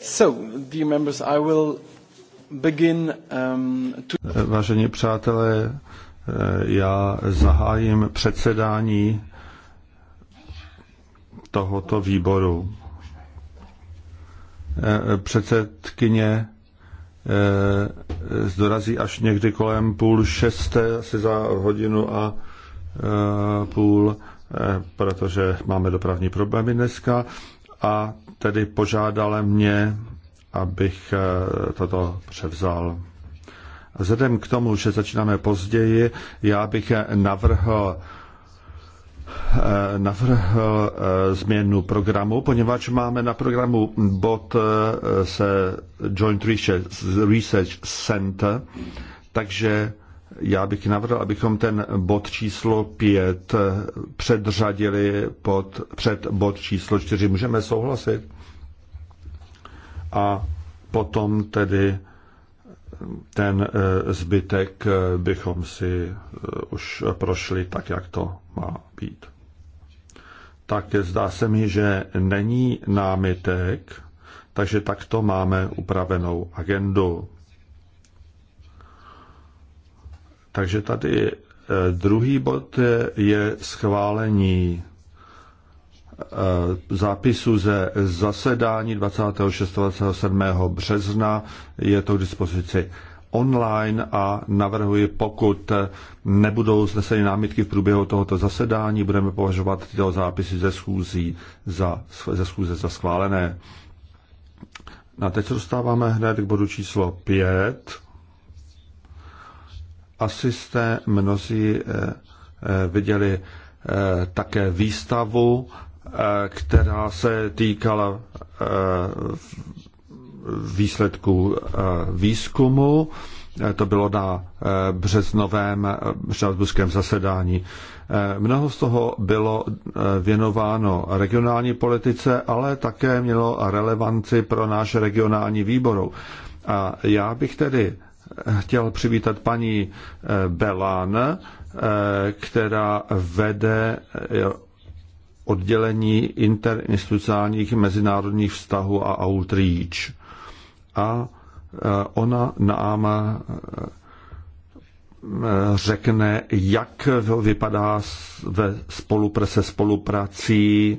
So, dear members, I will begin, um, to... Vážení přátelé, eh, já zahájím předsedání tohoto výboru. Eh, předsedkyně eh, zdorazí až někdy kolem půl šesté, asi za hodinu a půl, protože máme dopravní problémy dneska a tedy požádala mě, abych eh, toto převzal. Vzhledem k tomu, že začínáme později, já bych eh, navrhl eh, navrhl změnu programu, poněvadž máme na programu bod se Joint Research Center, takže já bych navrhl, abychom ten bod číslo 5 předřadili pod, před bod číslo 4. Můžeme souhlasit? A potom tedy ten eh, zbytek eh, bychom si eh, už prošli tak, jak to má být. Tak zdá se mi, že není námitek, takže takto máme upravenou agendu. Takže tady eh, druhý bod je schválení eh, zápisu ze zasedání 26. 27. března. Je to k dispozici online a navrhuji, pokud eh, nebudou zneseny námitky v průběhu tohoto zasedání, budeme považovat tyto zápisy ze, schůzí za, ze schůze za schválené. A teď se dostáváme hned k bodu číslo 5 asi jste mnozí eh, eh, viděli eh, také výstavu, která se týkala výsledků výzkumu. To bylo na březnovém štrasburském zasedání. Mnoho z toho bylo věnováno regionální politice, ale také mělo relevanci pro náš regionální výbor. A já bych tedy chtěl přivítat paní eh, Belan, eh, která vede eh, oddělení interinstitucionálních mezinárodních vztahů a outreach. A ona nám řekne, jak vypadá ve spolupr- se spoluprací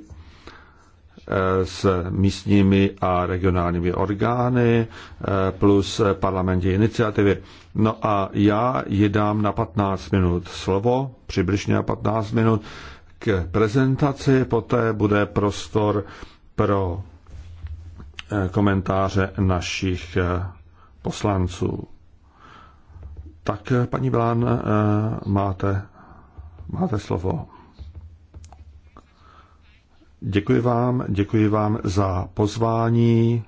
s místními a regionálními orgány eh, plus parlamentní iniciativy. No a já ji dám na 15 minut slovo, přibližně na 15 minut, k prezentaci, poté bude prostor pro eh, komentáře našich eh, poslanců. Tak, paní Blán, máte, máte slovo. Děkuji vám, děkuji vám za pozvání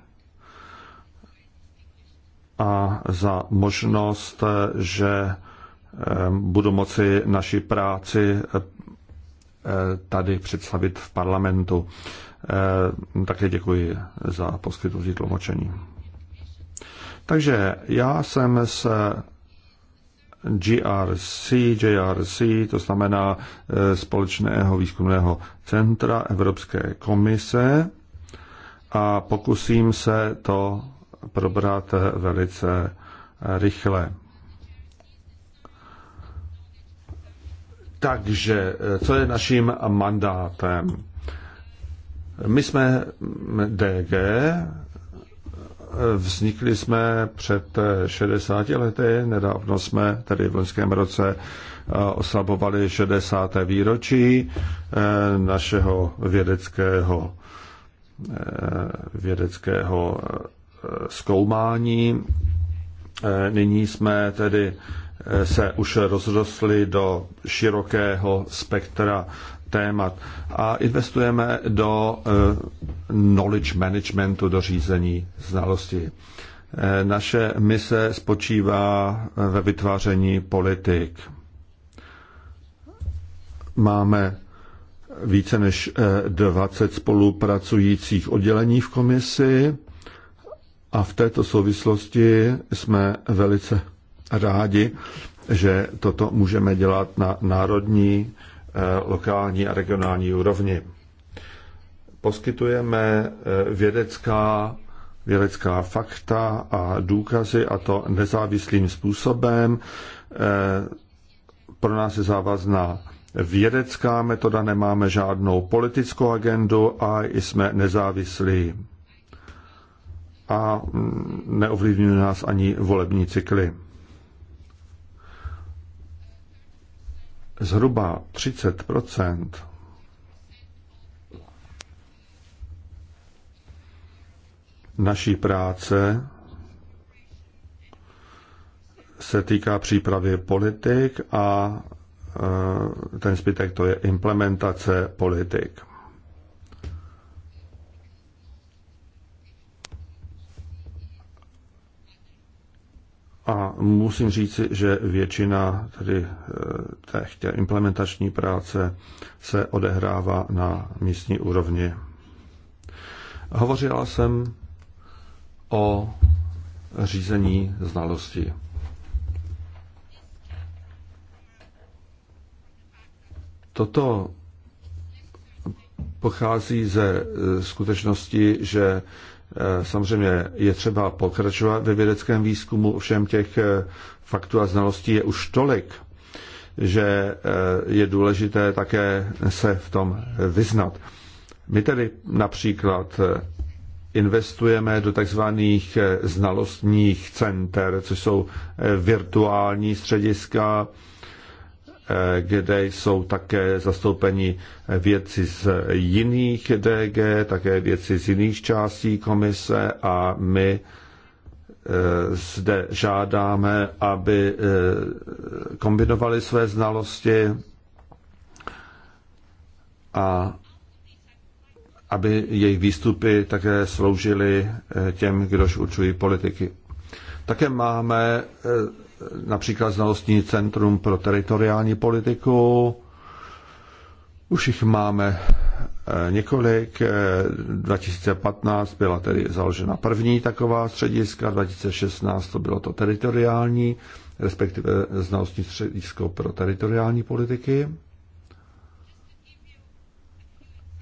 a za možnost, že eh, budu moci naši práci eh, tady představit v parlamentu. Eh, také děkuji za poskytnutí tlumočení. Takže já jsem se GRC, JRC, to znamená eh, Společného výzkumného centra Evropské komise a pokusím se to probrat velice eh, rychle. Takže, eh, co je naším mandátem? My jsme DG, Vznikli jsme před 60 lety, nedávno jsme tedy v loňském roce oslabovali 60. výročí e, našeho vědeckého, e, vědeckého e, zkoumání. Nyní jsme tedy se už rozrostli do širokého spektra témat a investujeme do eh, knowledge managementu, do řízení znalosti. Eh, naše mise spočívá eh, ve vytváření politik. Máme více než 20 spolupracujících oddělení v komisi a v této souvislosti jsme velice rádi, že toto můžeme dělat na národní Eh, lokální a regionální úrovni. Poskytujeme eh, vědecká, vědecká fakta a důkazy, a to nezávislým způsobem. Eh, pro nás je závazná vědecká metoda, nemáme žádnou politickou agendu a jsme nezávislí. A mm, neovlivňují nás ani volební cykly. zhruba 30 naší práce se týká přípravy politik a e, ten zbytek to je implementace politik. A musím říci, že většina tedy eh, té implementační práce se odehrává na místní úrovni. Hovořila jsem o řízení znalosti. Toto pochází ze eh, skutečnosti, že Eh, samozřejmě je třeba pokračovat ve vědeckém výzkumu, všem těch eh, faktů a znalostí je už tolik, že eh, je důležité také se v tom vyznat. My tedy například investujeme do takzvaných znalostních center, což jsou virtuální střediska, kde jsou také zastoupeni věci z jiných DG, také věci z jiných částí komise a my eh, zde žádáme, aby eh, kombinovali své znalosti a aby jejich výstupy také sloužily eh, těm, kdož určují politiky. Také máme například znalostní centrum pro teritoriální politiku. Už jich máme eh, několik. 2015 eh, byla tedy založena první taková střediska, 2016 to bylo to teritoriální, respektive znalostní středisko pro teritoriální politiky.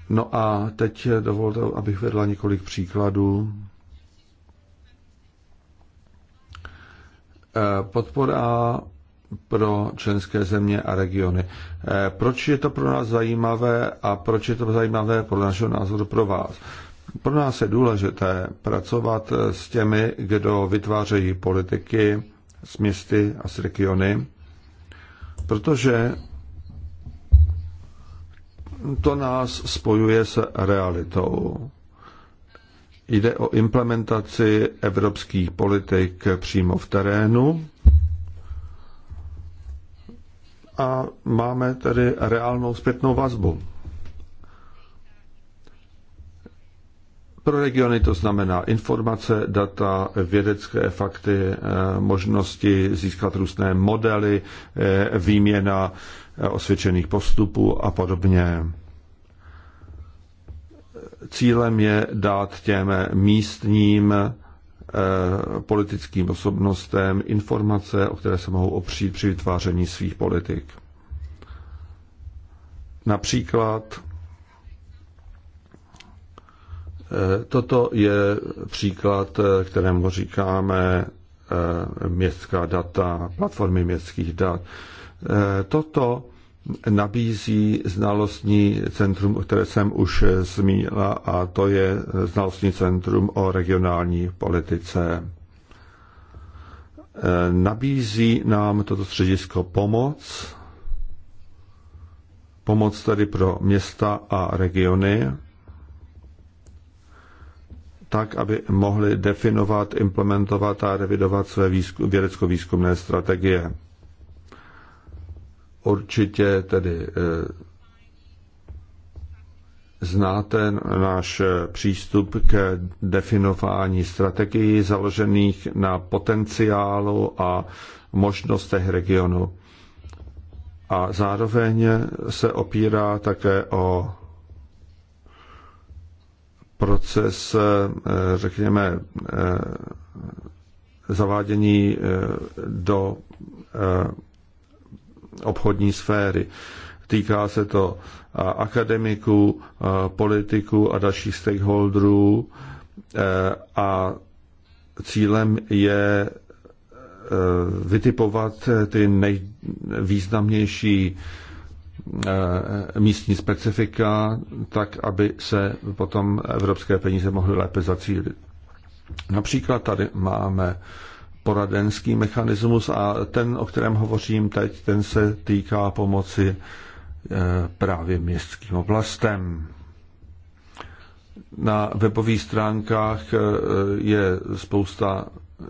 No a teď dovolte, abych vedla několik příkladů Eh, podpora pro členské země a regiony. Eh, proč je to pro nás zajímavé a proč je to zajímavé pro našeho názoru pro vás? Pro nás je důležité pracovat eh, s těmi, kdo vytvářejí politiky s městy a s regiony, protože to nás spojuje s realitou. Jde o implementaci evropských politik přímo v terénu. A máme tedy reálnou zpětnou vazbu. Pro regiony to znamená informace, data, vědecké fakty, eh, možnosti získat různé modely, eh, výměna eh, osvědčených postupů a podobně. Cílem je dát těm místním eh, politickým osobnostem informace, o které se mohou opřít při vytváření svých politik. Například eh, toto je příklad, eh, kterému říkáme městská data, platformy městských dat. Toto nabízí znalostní centrum, které jsem už zmínila, a to je znalostní centrum o regionální politice. Nabízí nám toto středisko pomoc, pomoc tedy pro města a regiony, tak, aby mohli definovat, implementovat a revidovat své vědecko-výzkumné strategie. Určitě tedy eh, znáte náš eh, přístup k definování strategií založených na potenciálu a možnostech regionu. A zároveň se opírá také o proces, eh, řekněme, zavádění do obchodní sféry. Týká se to akademiků, politiků a dalších stakeholderů e, a cílem je e, vytipovat ty nejvýznamnější e, místní specifika, tak aby se potom evropské peníze mohly lépe zacílit. Například tady máme poradenský mechanismus a ten, o kterém hovořím teď, ten se týká pomoci eh, právě městským oblastem. Na webových stránkách eh, je spousta eh,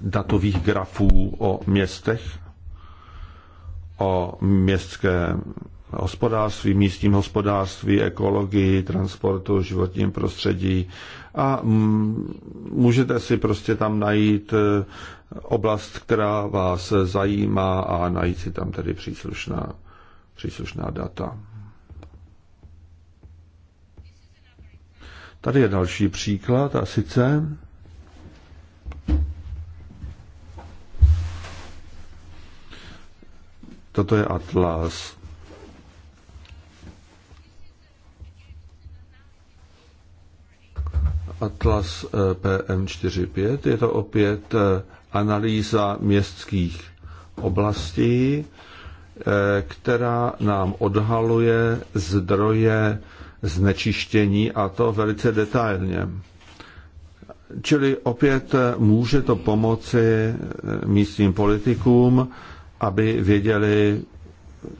datových grafů o městech, o městské hospodářství, místním hospodářství, ekologii, transportu, životním prostředí a můžete si prostě tam najít e, oblast, která vás zajímá a najít si tam tedy příslušná, příslušná data. Tady je další příklad a sice toto je atlas Atlas eh, PM45. Je to opět eh, analýza městských oblastí, eh, která nám odhaluje zdroje znečištění a to velice detailně. Čili opět může to pomoci místním politikům, aby věděli,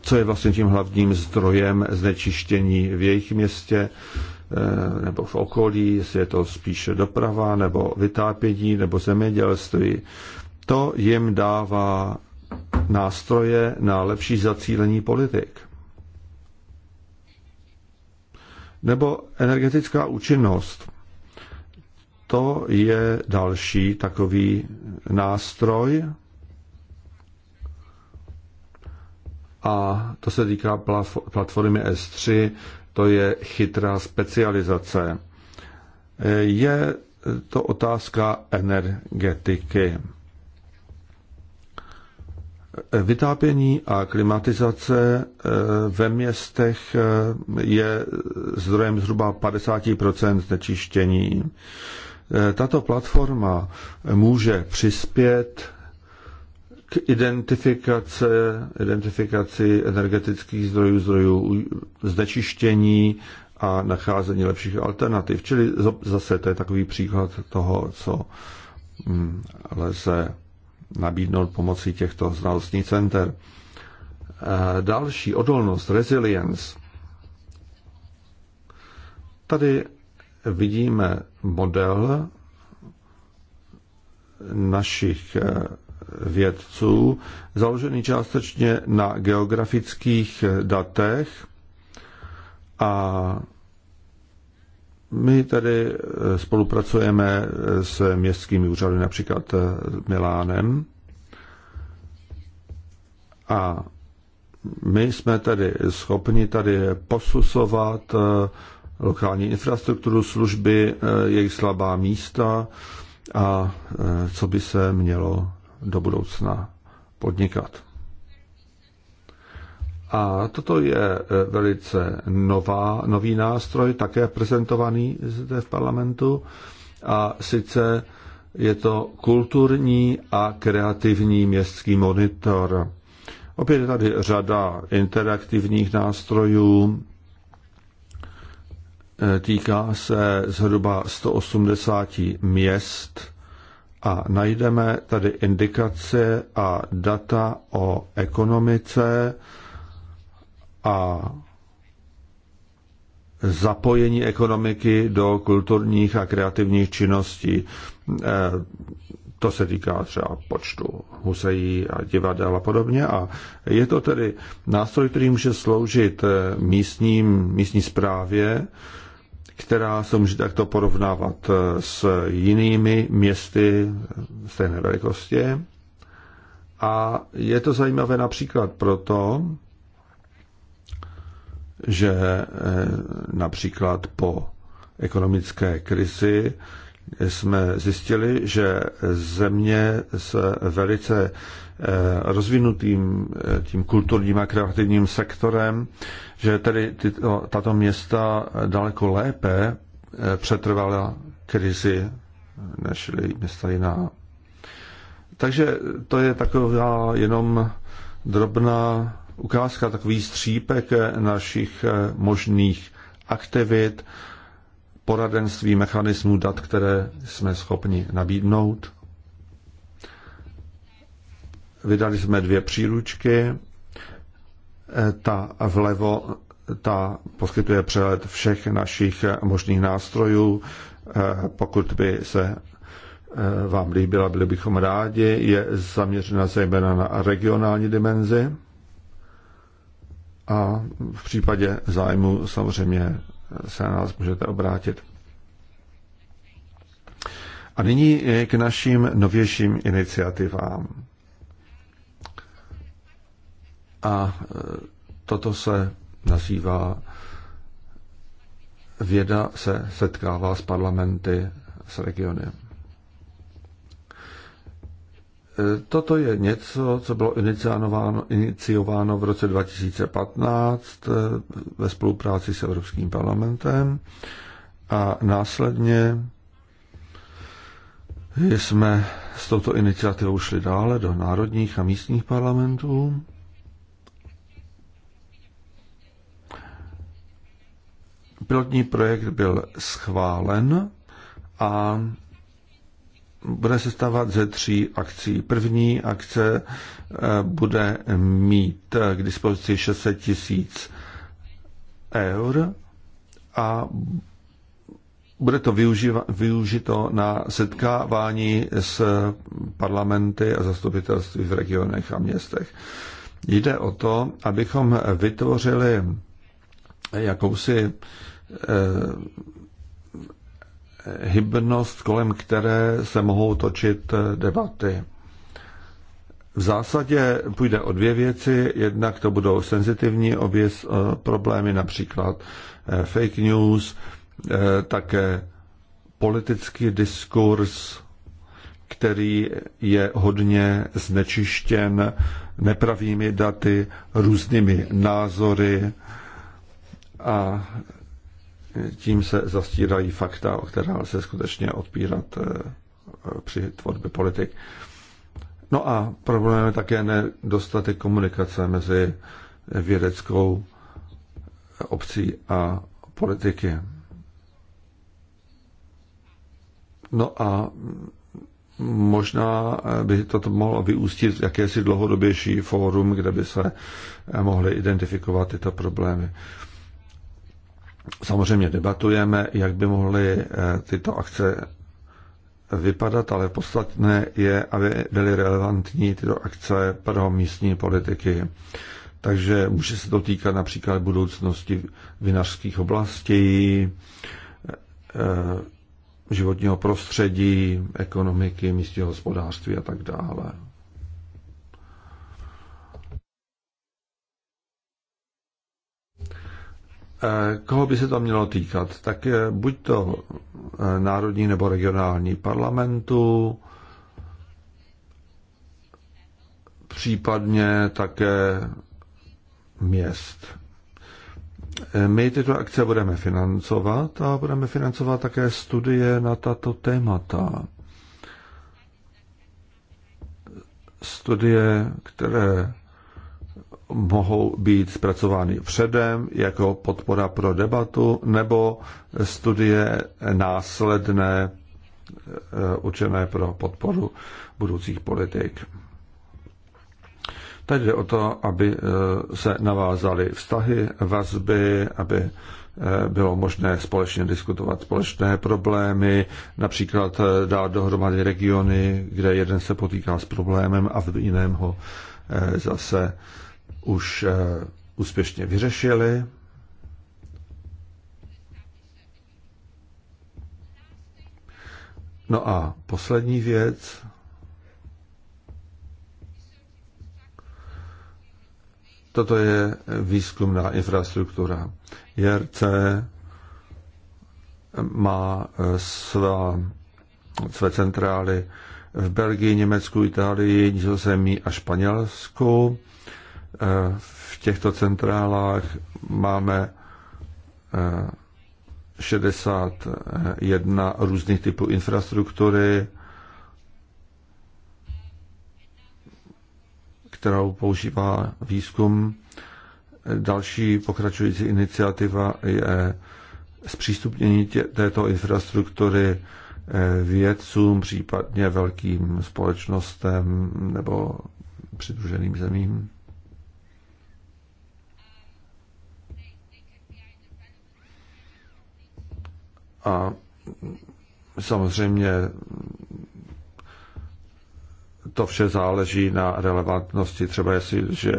co je vlastně tím hlavním zdrojem znečištění v jejich městě, Eh, nebo v okolí, jestli je to spíše doprava, nebo vytápění, nebo zemědělství. To jim dává nástroje na lepší zacílení politik. Nebo energetická účinnost. To je další takový nástroj. A to se týká platformy S3, to je chytrá specializace. Je to otázka energetiky. Vytápění a klimatizace eh, ve městech eh, je zdrojem zhruba 50 znečištění. Eh, tato platforma může přispět k identifikace, identifikaci energetických zdrojů, zdrojů znečištění a nacházení lepších alternativ. Čili zase to je takový příklad toho, co mm, lze nabídnout pomocí těchto znalostních center. E, další odolnost, resilience. Tady vidíme model našich e, vědců, založený částečně na geografických datech a my tady eh, spolupracujeme s městskými úřady, například eh, Milánem. A my jsme tady schopni tady posusovat eh, lokální infrastrukturu, služby, jejich slabá místa a co by se mělo do budoucna podnikat. A toto je e, velice nová, nový nástroj, také prezentovaný zde v parlamentu. A sice je to kulturní a kreativní městský monitor. Opět je tady řada interaktivních nástrojů. E, týká se zhruba 180 měst a najdeme tady indikace a data o ekonomice a zapojení ekonomiky do kulturních a kreativních činností. E, to se týká třeba počtu husejí a divadel a podobně. A je to tedy nástroj, který může sloužit místním, místní správě, která se může takto porovnávat eh, s jinými městy eh, stejné velikosti. A je to zajímavé například proto, že eh, například po ekonomické krizi jsme zjistili, že země s velice eh, rozvinutým eh, tím kulturním a kreativním sektorem, že tedy tyto, tato města daleko lépe eh, přetrvala krizi než města jiná. Takže to je taková jenom drobná ukázka, takový střípek našich možných aktivit, poradenství mechanismů dat, které jsme schopni nabídnout. Vydali jsme dvě příručky. E, ta vlevo ta poskytuje přehled všech našich možných nástrojů. E, pokud by se e, vám líbila, byli bychom rádi. Je zaměřena zejména na regionální dimenzi a v případě zájmu samozřejmě se na nás můžete obrátit. A nyní k našim novějším iniciativám. A e, toto se nazývá Věda se setkává s parlamenty, s regiony. Toto je něco, co bylo iniciováno, iniciováno v roce 2015 eh, ve spolupráci s Evropským parlamentem a následně jsme s touto iniciativou šli dále do národních a místních parlamentů. Pilotní projekt byl schválen a bude se stávat ze tří akcí. První akce eh, bude mít eh, k dispozici 600 tisíc eur a bude to využiva, využito na setkávání s parlamenty a zastupitelství v regionech a městech. Jde o to, abychom vytvořili jakousi eh, hybnost, kolem které se mohou točit eh, debaty. V zásadě půjde o dvě věci. Jednak to budou senzitivní oběz eh, problémy, například eh, fake news, také politický diskurs, který je hodně znečištěn nepravými daty, různými názory a tím se zastírají fakta, o která se skutečně odpírat eh, při tvorbě politik. No a problém je také nedostatek komunikace mezi vědeckou obcí a politiky. No a možná by toto mohlo vyústit v jakési dlouhodobější fórum, kde by se mohly identifikovat tyto problémy. Samozřejmě debatujeme, jak by mohly eh, tyto akce vypadat, ale podstatné je, aby byly relevantní tyto akce pro místní politiky. Takže může se to týkat například budoucnosti vinařských oblastí, eh, životního prostředí, ekonomiky, místního hospodářství a tak dále. Eh, koho by se to mělo týkat? Tak eh, buď to eh, národní nebo regionální parlamentu, případně také měst. My tyto akce budeme financovat a budeme financovat také studie na tato témata. Studie, které mohou být zpracovány předem jako podpora pro debatu nebo studie následné eh, učené pro podporu budoucích politik. Tady jde o to, aby eh, se navázaly vztahy, vazby, aby eh, bylo možné společně diskutovat společné problémy, například dát dohromady regiony, kde jeden se potýká s problémem a v jiném ho zase už eh, úspěšně vyřešili. No a poslední věc. Toto je výzkumná infrastruktura. JRC má eh, svá, své centrály v Belgii, Německu, Itálii, Nizozemí a Španělsku v těchto centrálách máme 61 eh, různých typů infrastruktury, kterou používá výzkum. Další pokračující iniciativa je zpřístupnění tě, této infrastruktury eh, vědcům, případně velkým společnostem nebo přidruženým zemím. A samozřejmě to vše záleží na relevantnosti. Třeba jestli, že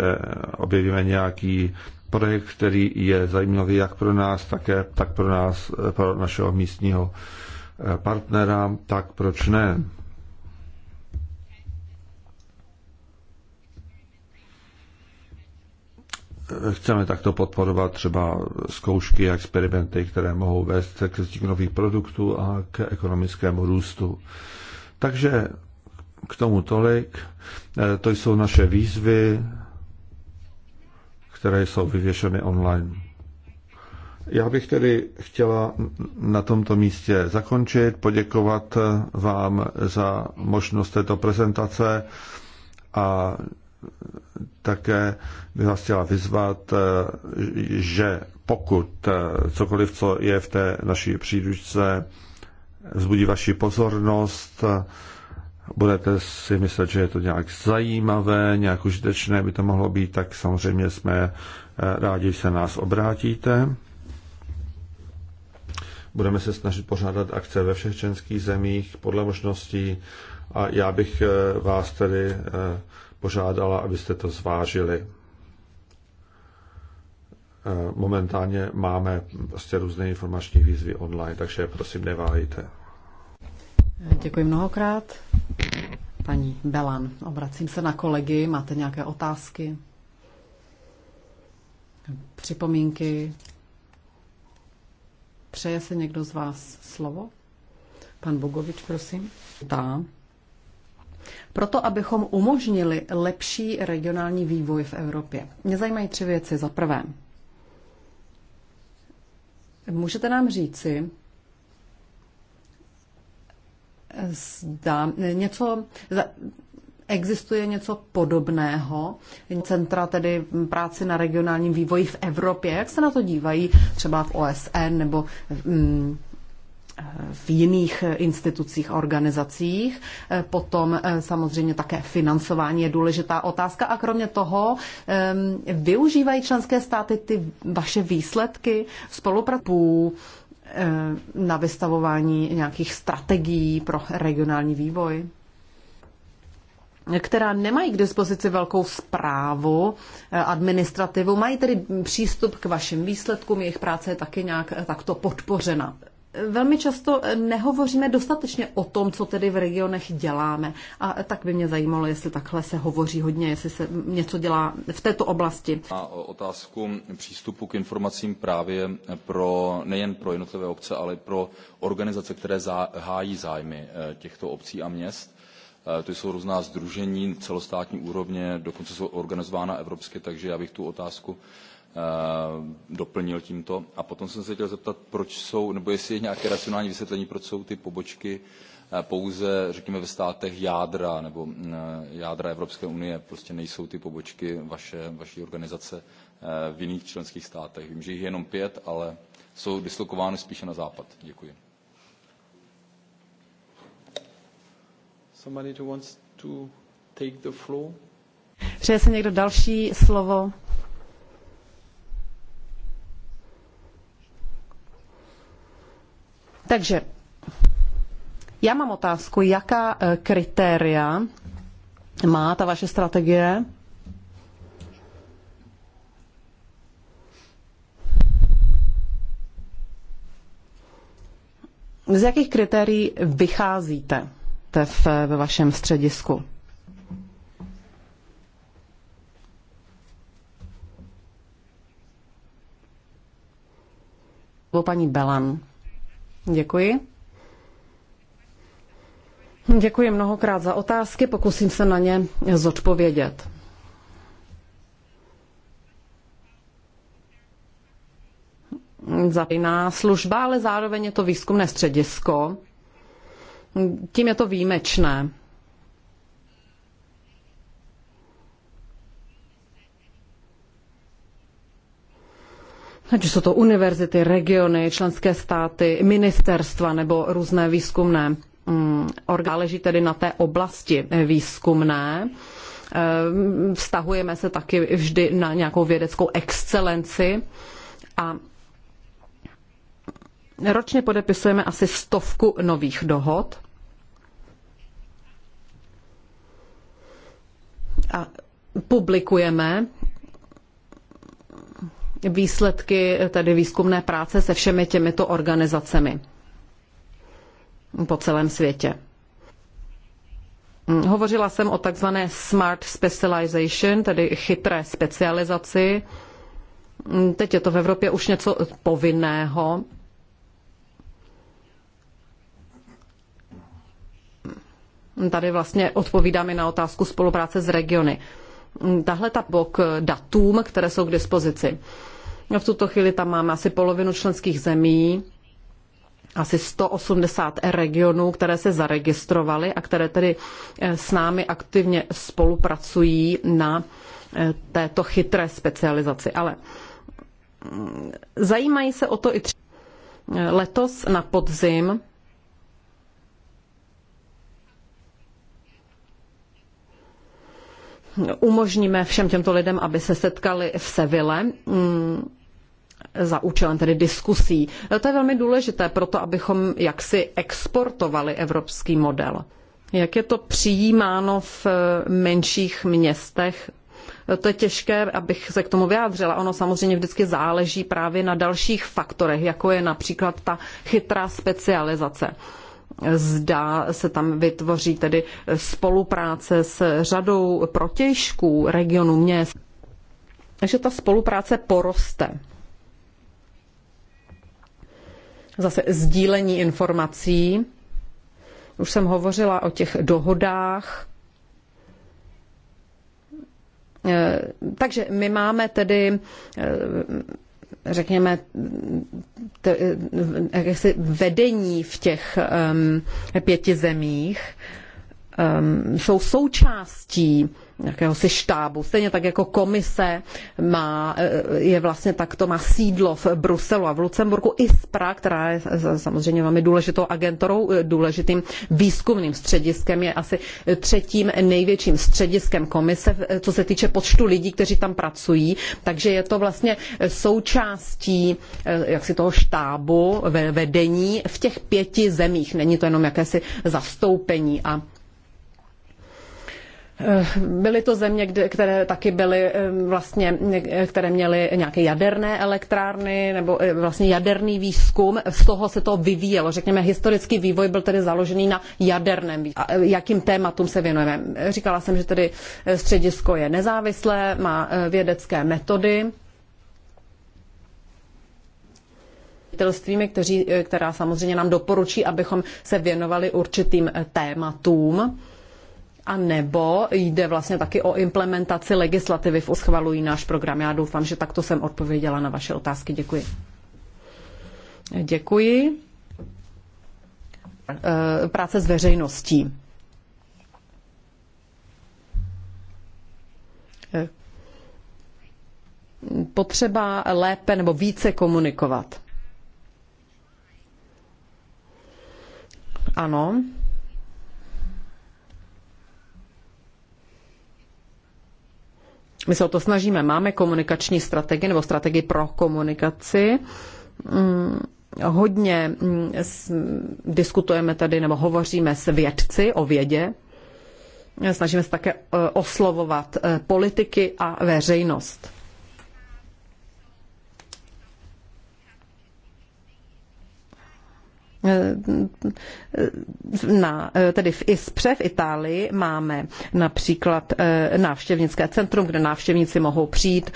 objevíme nějaký projekt, který je zajímavý jak pro nás, také, tak pro nás, pro našeho místního partnera, tak proč ne? chceme takto podporovat třeba zkoušky a experimenty, které mohou vést k vzniku nových produktů a k ekonomickému růstu. Takže k tomu tolik. Eh, to jsou naše výzvy, které jsou vyvěšeny online. Já bych tedy chtěla na tomto místě zakončit, poděkovat eh, vám za možnost této prezentace a také bych vás chtěla vyzvat, eh, že pokud eh, cokoliv, co je v té naší příručce, vzbudí vaši pozornost, eh, budete si myslet, že je to nějak zajímavé, nějak užitečné by to mohlo být, tak samozřejmě jsme rádi, že se nás obrátíte. Budeme se snažit pořádat akce ve všech členských zemích podle možností a já bych vás tedy požádala, abyste to zvážili. Eh, momentálně máme prostě různé informační výzvy online, takže prosím neváhejte. Eh, děkuji mnohokrát. Paní Belan, obracím se na kolegy. Máte nějaké otázky? Připomínky? Přeje se někdo z vás slovo? Pan Bogovič, prosím. Tá. Proto, abychom umožnili lepší regionální vývoj v Evropě. Mě zajímají tři věci. Za prvé, můžete nám říci, zda něco, existuje něco podobného, centra tedy práci na regionálním vývoji v Evropě, jak se na to dívají třeba v OSN nebo mm, v jiných eh, institucích, organizacích. Eh, potom eh, samozřejmě také financování je důležitá otázka a kromě toho ehm, využívají členské státy ty vaše výsledky spolupraců na vystavování nějakých strategií pro regionální vývoj která nemají k dispozici velkou zprávu, administrativu, mají tedy přístup k vašim výsledkům, jejich práce je taky nějak takto podpořena velmi často nehovoříme dostatečně o tom, co tedy v regionech děláme. A tak by mě zajímalo, jestli takhle se hovoří hodně, jestli se něco dělá v této oblasti. A otázku přístupu k informacím právě pro nejen pro jednotlivé obce, ale pro organizace, které zá, hájí zájmy eh, těchto obcí a měst. Eh, to jsou různá združení celostátní úrovně, dokonce jsou organizována evropsky, takže já bych tu otázku Eh, doplnil tímto. A potom jsem se chtěl zeptat, proč jsou, nebo jestli je nějaké racionální vysvětlení, proč jsou ty pobočky eh, pouze, řekněme, ve státech jádra nebo eh, jádra Evropské unie, prostě nejsou ty pobočky vaše, vaší organizace v jiných členských státech. Vím, že jich je jenom pět, ale jsou dislokovány spíše na západ. Děkuji. Somebody who wants to take the floor? Přeje se někdo další slovo? Takže já mám otázku, jaká e, kritéria má ta vaše strategie? Z jakých kritérií vycházíte ve vašem středisku? Paní Belan. Děkuji. Děkuji mnohokrát za otázky, pokusím se na ně zodpovědět. Zapíná služba, ale zároveň je to výzkumné středisko. Tím je to výjimečné. ať jsou to univerzity, regiony, členské státy, ministerstva nebo různé výzkumné mm, orgány. Záleží tedy na té oblasti výzkumné. Ehm, vztahujeme se taky vždy na nějakou vědeckou excelenci a ročně podepisujeme asi stovku nových dohod. A publikujeme výsledky eh, tedy výzkumné práce se všemi těmito organizacemi po celém světě. Mm, hovořila jsem o takzvané smart specialization, tedy chytré specializaci. Mm, teď je to v Evropě už něco povinného. Mm, tady vlastně odpovídáme na otázku spolupráce s regiony. Tahle ta bok eh, datům, které jsou k dispozici. No, v tuto chvíli tam máme asi polovinu členských zemí, asi 180 regionů, které se zaregistrovaly a které tedy eh, s námi aktivně spolupracují na eh, této chytré specializaci. Ale mm, zajímají se o to i tři... Eh, letos na podzim umožníme všem těmto lidem, aby se setkali v Seville mm, za účelem tedy diskusí. To je velmi důležité pro to, abychom jaksi exportovali evropský model. Jak je to přijímáno v eh, menších městech? To je těžké, abych se k tomu vyjádřila. Ono samozřejmě vždycky záleží právě na dalších faktorech, jako je například ta chytrá specializace. Zda se tam vytvoří tedy spolupráce s řadou protějšků regionu měst. Takže ta spolupráce poroste. Zase sdílení informací. Už jsem hovořila o těch dohodách. Eh, takže my máme tedy eh, řekněme, eh, vedení v těch ehm, pěti zemích ehm, jsou součástí jakéhosi štábu. Stejně tak jako komise má, eh, je vlastně takto, má sídlo v Bruselu a v Lucemburku. ISPRA, která je samozřejmě velmi důležitou agenturou, eh, důležitým výzkumným střediskem, je asi třetím největším střediskem komise, eh, co se týče počtu lidí, kteří tam pracují. Takže je to vlastně součástí jaksi toho štábu vedení v těch pěti zemích. Není to jenom jakési zastoupení a Eh, byly to země, které taky byly eh, vlastně, eh, které měly nějaké jaderné elektrárny nebo vlastně jaderný výzkum. Z toho se to vyvíjelo. Řekněme, historický vývoj byl tedy založený na jaderném výzkumu. A jakým tématům se věnujeme? Říkala jsem, že tedy středisko je nezávislé, má vědecké metody. kteří, která samozřejmě nám doporučí, abychom se věnovali určitým tématům a nebo jde vlastně taky o implementaci legislativy v uschvalují náš program. Já doufám, že takto jsem odpověděla na vaše otázky. Děkuji. Děkuji. Eh, práce s veřejností. Eh, potřeba lépe nebo více komunikovat. Ano. My se o to snažíme. Máme komunikační strategii nebo strategii pro komunikaci. Mm, hodně mm, diskutujeme tady nebo hovoříme s vědci o vědě. Snažíme se také e, oslovovat e, politiky a veřejnost. Eh, na, eh, tedy v ISPře v Itálii máme například eh, návštěvnické centrum, kde návštěvníci mohou přijít,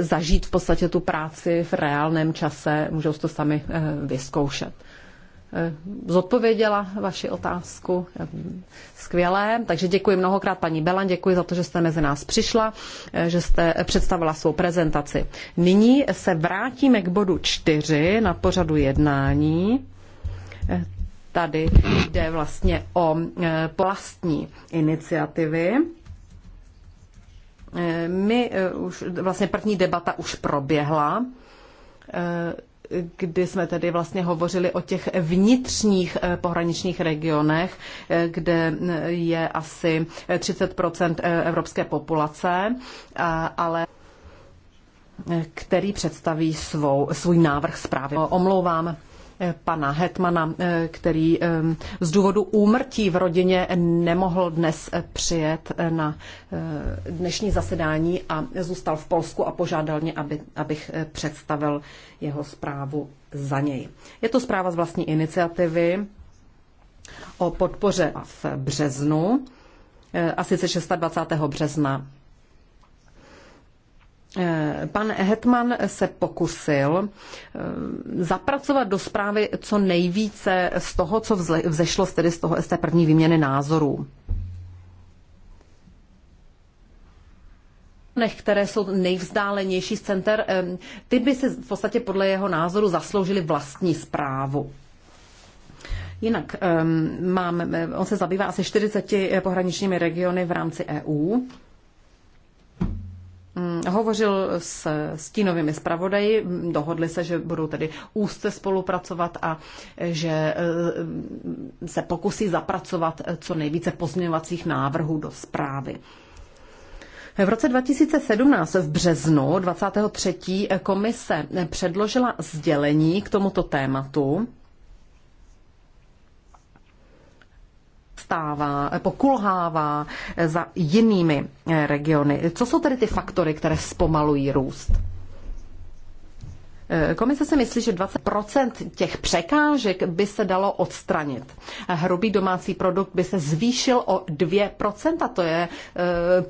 zažít v podstatě tu práci v reálném čase, můžou to sami vyzkoušet. Zodpověděla vaši otázku. Skvělé. Takže děkuji mnohokrát paní Belan, děkuji za to, že jste mezi nás přišla, že jste představila svou prezentaci. Nyní se vrátíme k bodu čtyři na pořadu jednání. Tady jde vlastně o e, vlastní iniciativy. E, my e, už, vlastně první debata už proběhla kdy jsme tedy vlastně hovořili o těch vnitřních pohraničních regionech, kde je asi 30 evropské populace, ale který představí svou, svůj návrh zprávy. Omlouvám pana Hetmana, eh, který ehm, z důvodu úmrtí v rodině nemohl dnes eh, přijet eh, na dnešní zasedání a zůstal v Polsku a požádal mě, aby, abych představil jeho zprávu za něj. Je to zpráva z vlastní iniciativy o podpoře v březnu, asi se 26. března Eh, pan Hetman se pokusil eh, zapracovat do zprávy co nejvíce z toho, co vzešlo tedy z, toho, z té první výměny názorů. které jsou nejvzdálenější z center, eh, ty by se v podstatě podle jeho názoru zasloužili vlastní zprávu. Jinak mám, on se zabývá asi 40 pohraničními regiony v rámci EU hovořil s stínovými zpravodaji, dohodli se, že budou tedy úzce spolupracovat a že e, se pokusí zapracovat e, co nejvíce pozměňovacích návrhů do zprávy. V roce 2017 v březnu 23. komise předložila sdělení k tomuto tématu zaostává, pokulhává za jinými eh, regiony. Co jsou tedy ty faktory, které zpomalují růst? Eh, komise si myslí, že 20 těch překážek by se dalo odstranit. Eh, hrubý domácí produkt by se zvýšil o 2 to je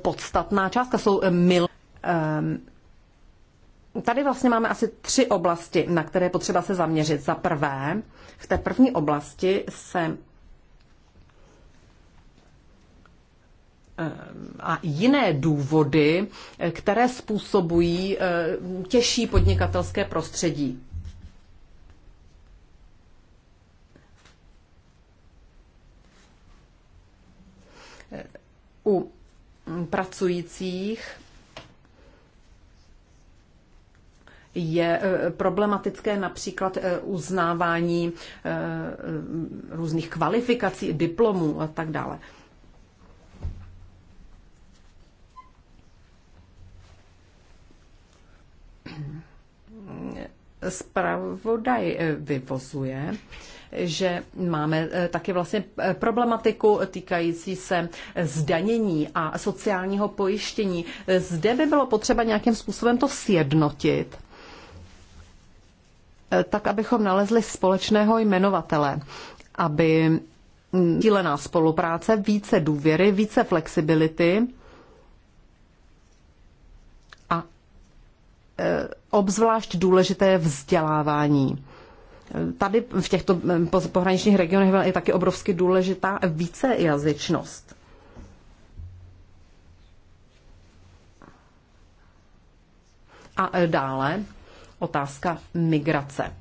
podstatná částka, jsou mil. Ehm, tady vlastně máme asi tři oblasti, na které potřeba se zaměřit. Za prvé, v té první oblasti se a jiné důvody, které způsobují eh, těžší podnikatelské prostředí. U pracujících je eh, problematické například eh, uznávání různých kvalifikací, diplomů a tak dále. zpravodaj eh, vyvozuje, že máme eh, taky vlastně eh, problematiku týkající se zdanění a sociálního pojištění. Zde by bylo potřeba nějakým způsobem to sjednotit, tak abychom nalezli společného jmenovatele, aby mm, cílená spolupráce, více důvěry, více flexibility, Eh, obzvlášť důležité vzdělávání. Tady v těchto eh, pohraničních regionech je taky obrovsky důležitá vícejazyčnost. A eh, dále otázka migrace.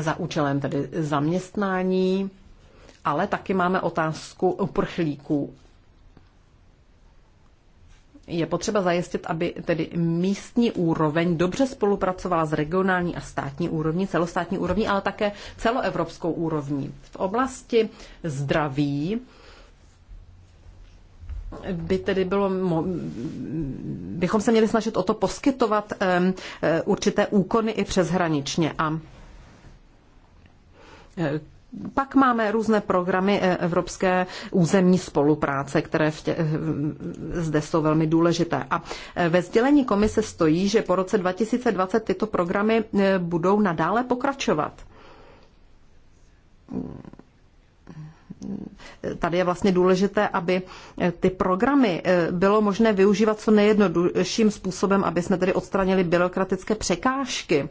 Za účelem tedy zaměstnání, ale taky máme otázku uprchlíků je potřeba zajistit, aby tedy místní úroveň dobře spolupracovala s regionální a státní úrovní, celostátní úrovní, ale také celoevropskou úrovní. V oblasti zdraví by tedy bylo, bychom se měli snažit o to poskytovat e, určité úkony i přeshraničně a e, pak máme různé programy eh, evropské územní spolupráce, které v tě, eh, zde jsou velmi důležité. A eh, ve sdělení komise stojí, že po roce 2020 tyto programy budou nadále pokračovat. Tady je vlastně důležité, aby ty programy bylo možné využívat co nejjednodušším způsobem, aby jsme tedy odstranili byrokratické překážky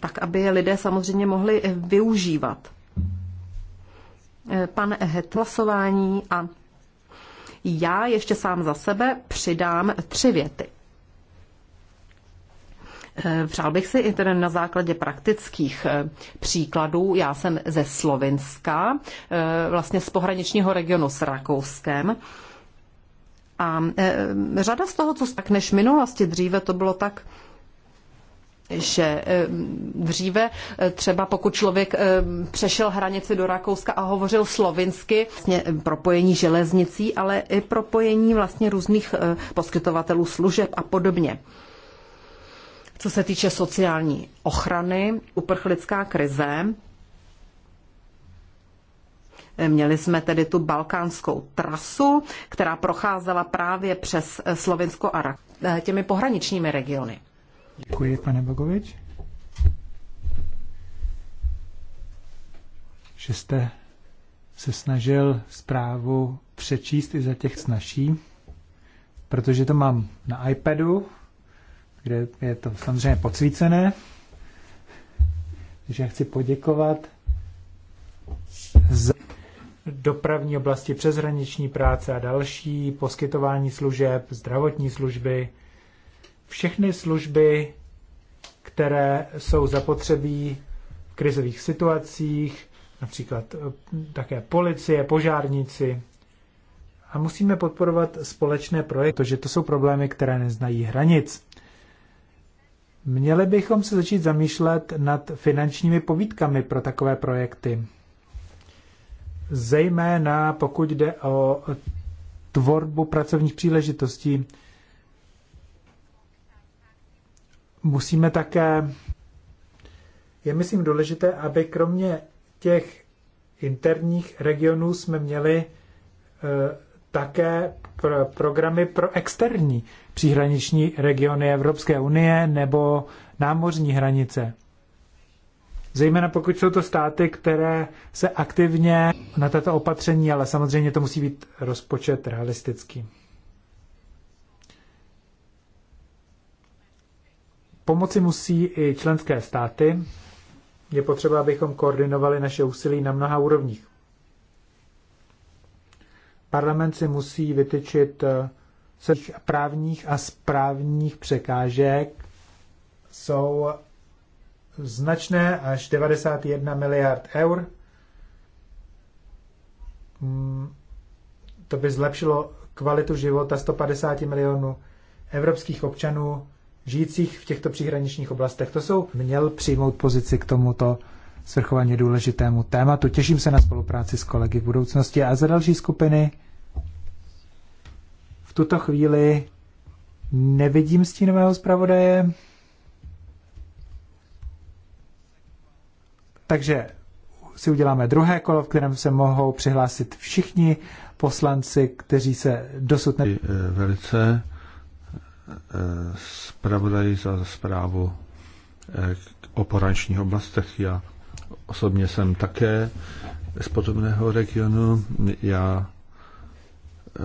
tak aby je lidé samozřejmě mohli využívat. Pan Ehet, hlasování a já ještě sám za sebe přidám tři věty. Eh, přál bych si i tedy na základě praktických eh, příkladů. Já jsem ze Slovinska, eh, vlastně z pohraničního regionu s Rakouskem. A řada z toho, co tak než minulosti dříve, to bylo tak, že eh, dříve eh, třeba pokud člověk eh, přešel hranici do Rakouska a hovořil slovinsky, vlastně propojení železnicí, ale i propojení vlastně různých poskytovatelů služeb a podobně. Co se týče sociální ochrany, uprchlická krize, Měli jsme tedy tu balkánskou trasu, která procházela právě přes Slovinsko a těmi pohraničními regiony. Děkuji, pane Bogovič. Že jste se snažil zprávu přečíst i za těch snaží, protože to mám na iPadu, kde je to samozřejmě podsvícené. Takže já chci poděkovat za dopravní oblasti přeshraniční práce a další, poskytování služeb, zdravotní služby, všechny služby, které jsou zapotřebí v krizových situacích, například eh, také policie, požárníci. A musíme podporovat společné projekty, protože to jsou problémy, které neznají hranic. Měli bychom se začít zamýšlet nad finančními povídkami pro takové projekty. Zejména pokud jde o tvorbu pracovních příležitostí musíme také, je myslím důležité, aby kromě těch interních regionů jsme měli e, také pro programy pro externí příhraniční regiony Evropské unie nebo námořní hranice. Zejména pokud jsou to státy, které se aktivně na tato opatření, ale samozřejmě to musí být rozpočet realistický. Pomoci musí i členské státy. Je potřeba, abychom koordinovali naše úsilí na mnoha úrovních. Parlament si musí vytyčit svých eh, právních a správních překážek. Jsou značné až 91 miliard eur. Hmm, to by zlepšilo kvalitu života 150 milionů evropských občanů žijících v těchto příhraničních oblastech. To jsou měl přijmout pozici k tomuto svrchovaně důležitému tématu. Těším se na spolupráci s kolegy v budoucnosti a za další skupiny. V tuto chvíli nevidím stínového zpravodaje. Takže si uděláme druhé kolo, v kterém se mohou přihlásit všichni poslanci, kteří se dosud ne... Eh, velice zpravodaji za zprávu eh, o porančních oblastech. Já osobně jsem také z podobného regionu. Já eh,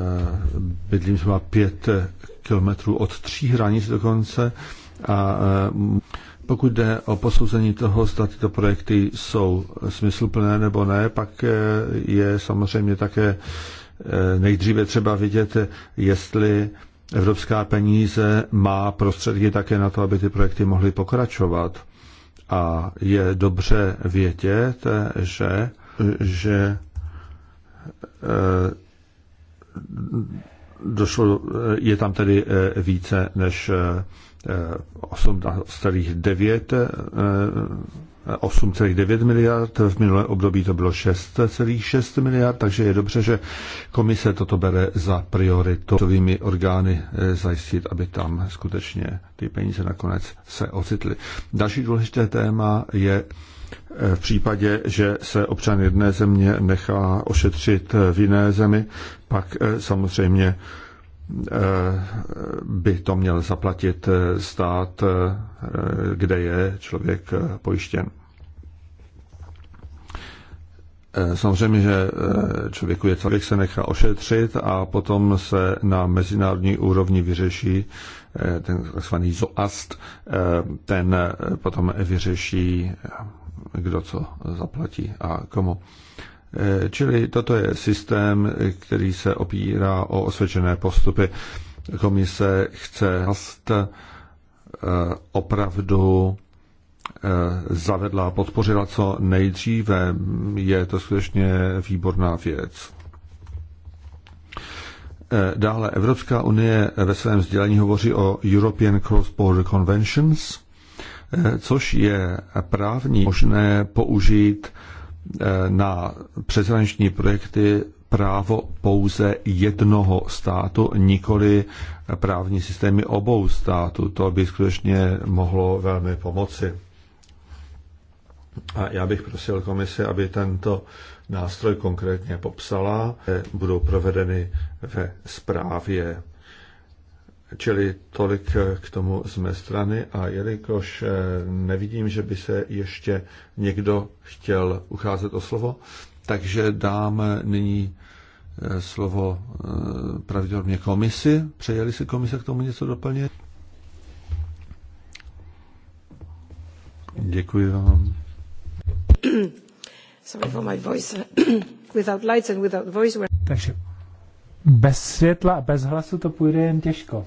bydlím zhruba pět eh, kilometrů od tří hranic dokonce a pokud jde o posouzení toho, zda tyto projekty jsou smysluplné nebo ne, pak je samozřejmě také nejdříve třeba vidět, jestli evropská peníze má prostředky také na to, aby ty projekty mohly pokračovat. A je dobře vědět, že, že eh, došlo, je tam tedy eh, více než eh, 8,9 eh, eh, miliard, v minulém období to bylo 6,6 miliard, takže je dobře, že komise toto bere za prioritu svými orgány eh, zajistit, aby tam skutečně ty peníze nakonec se ocitly. Další důležité téma je v případě, že se občan jedné země nechá ošetřit v jiné zemi, pak samozřejmě Eh, by to měl zaplatit eh, stát, eh, kde je člověk pojištěn. Samozřejmě, že člověku je člověk se nechá ošetřit a potom se na mezinárodní úrovni vyřeší ten tzv. zoast, ten potom vyřeší, kdo co zaplatí a komu. Eh, čili toto je systém, který se opírá o osvědčené postupy. Komise chce eh, opravdu eh, zavedla a podpořila co nejdříve. Je to skutečně výborná věc. Dále Evropská unie ve svém sdělení hovoří o European Cross-Border Conventions, což je právní možné použít Eh, na přeshraniční projekty právo pouze jednoho státu, nikoli právní systémy obou států. To by skutečně mohlo velmi pomoci. A já bych prosil komisi, aby tento nástroj konkrétně popsala. Budou provedeny ve zprávě. Čili tolik eh, k tomu z mé strany a jelikož eh, nevidím, že by se ještě někdo chtěl ucházet o slovo, takže dám eh, nyní slovo pravděpodobně komisi. Přejeli si komise k tomu něco doplnit? Děkuji vám. Sorry for my voice. without lights and without voice. Takže bez světla a bez hlasu to půjde jen těžko.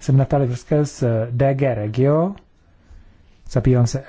Jsem Natalie Vrskel z DG Regio, zabývám se